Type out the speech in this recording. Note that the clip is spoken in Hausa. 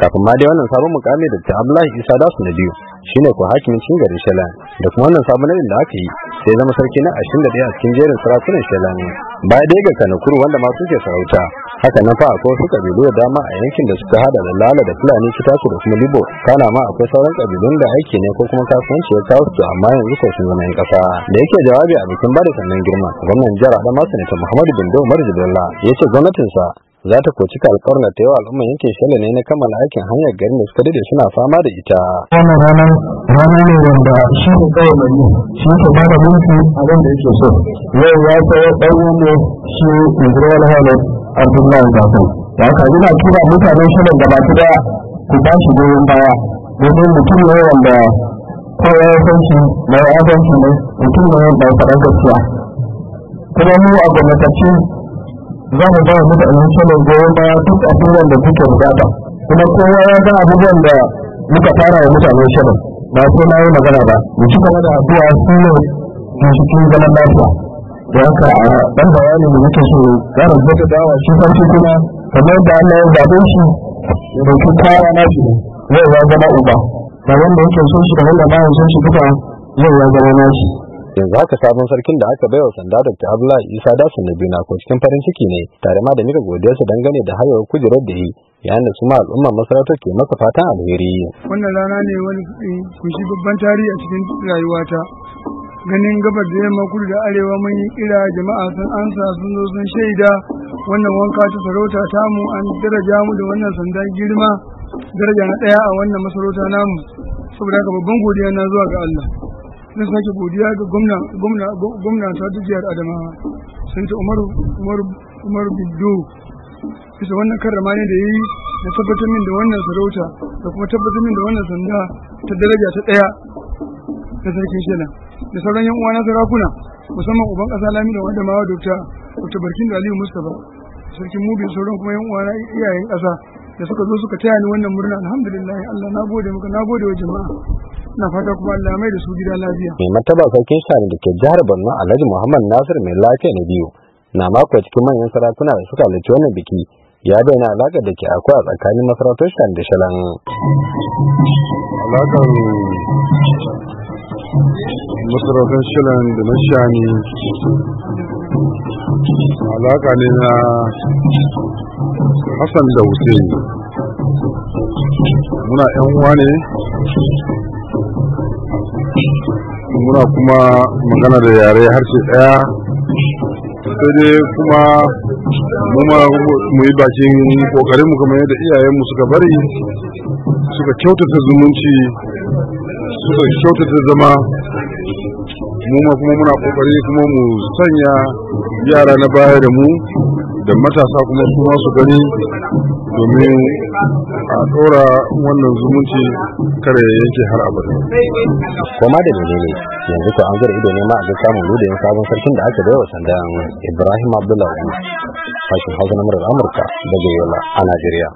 kafin ma dai wannan sabon mukami da ta Abdullahi Isa da su na biyu shi ne ko hakimin cikin garin Shalani da kuma wannan sabon da aka yi sai zama sarki na ashirin 21 a cikin jerin sarakunan Shalani baya dai ga Kanakuru wanda ma suke sarauta haka na fa akwai wasu kabilu da dama a yankin da suka hada da Lala da Fulani Kitaku da kuma Libo kana ma akwai sauran kabilun da aiki ne ko kuma kasuwanci ya kawo su amma yanzu ko sun zama yan kasa da yake jawabi a bikin bada sannan girma gwamnan jihar Adamawa Sanata Muhammadu Bindo Umar Jibrilla ya ce gwamnatinsa za ta koci alƙawarin ta yawa al'umma yanke shele ne na kammala aikin hanyar garin da suka dade suna fama da ita. Wannan ranar ranar ne wanda shi ne kawai mai yi shi ke bada mulki abin da yake so. Yau ya tsaye ɗanyen ne shi Israel Hamed Abdullahi Bakon. Ya ka gina kira mutane shirin da ba baki daya ku ba shi goyon baya. Domin mutum ne wanda kowa ya san shi mai ya ne mutum ne wanda ya faɗa gaskiya. Kuma mu a gwamnatacin za mu ba mu da alhamdulillah goyon baya duk abubuwan da kuke bukata kuma kowa ya ga abubuwan da muka fara wa mutane shirin ba sai na yi magana ba mu ci gaba da addu'a su ne ginshikin zaman lafiya da haka a ɗan bayani da muke so ƙara zata dawa shi farko kuma kamar da Allah ya zaɓe shi ya dauki kaya na shi yau ya zama uba da wanda yake son shi da wanda ba ya son shi duka yau ya zama na shi yanzu haka sabon sarkin da aka baiwa sanda dr abdullahi isa dasu na biyu na ko cikin farin ciki ne tare ma da mika godiyarsa dangane da hayawar kujerar da yi yayin da su ma al'ummar masarautar ke masa fatan alheri wannan rana ne wani kunshi babban tarihi a cikin rayuwata ganin gabar da yamma kudu da arewa mun yi kira jama'a sun ansa sun zo sun shaida wannan wanka ta sarauta tamu an daraja mu da wannan sandan girma daraja na daya a wannan masarauta namu saboda haka babban godiya na zuwa ga Allah zan sake godiya ga gwamna gwamna gwamna ta jihar adamawa sun ta umaru umaru umar bido bisa wannan karrama ne da ya yi da tabbatar min da wannan sarauta da kuma tabbatar min da wannan sanda ta daraja ta ɗaya ta sarkin kenan da sauran yan uwana sarakuna musamman uban ƙasa lami da wanda mawa dokta wata barkin da aliyu mustapha sarkin mubi sauran kuma yan uwana iyayen ƙasa da suka zo suka taya ni wannan murna alhamdulillah allah na gode maka na gode wa jama'a na fata kuma Allah mai da su gida lafiya mai mataba sarkin shani da ke jihar Borno Alhaji Muhammad Nasir mai lafiya na biyu na mako cikin manyan sarakuna da suka halarci wannan biki ya bayyana alaƙar da ke akwai a tsakanin masarautar shani da shalan alaƙar masarautar shalan da na shani alaƙa ne na Hassan da Hussein muna 'yan uwa ne muna kuma magana da yare harshe ɗaya sai dai kuma mu yi bakin kokarin mu kamar yadda mu suka bari suka kyautata zumunci suka kyautata zama muma kuma muna kokari kuma mu sanya yara na baya da mu da matasa kuma su masu gani domin a ɗora wannan zumunci kare yake har abada. Koma da menene yanzu ko an zara ido ne ma a ga samun ludayin sabon sarkin da aka baiwa sandan Ibrahim Abdullahi fashin hausa na murar Amurka daga Yola a Najeriya.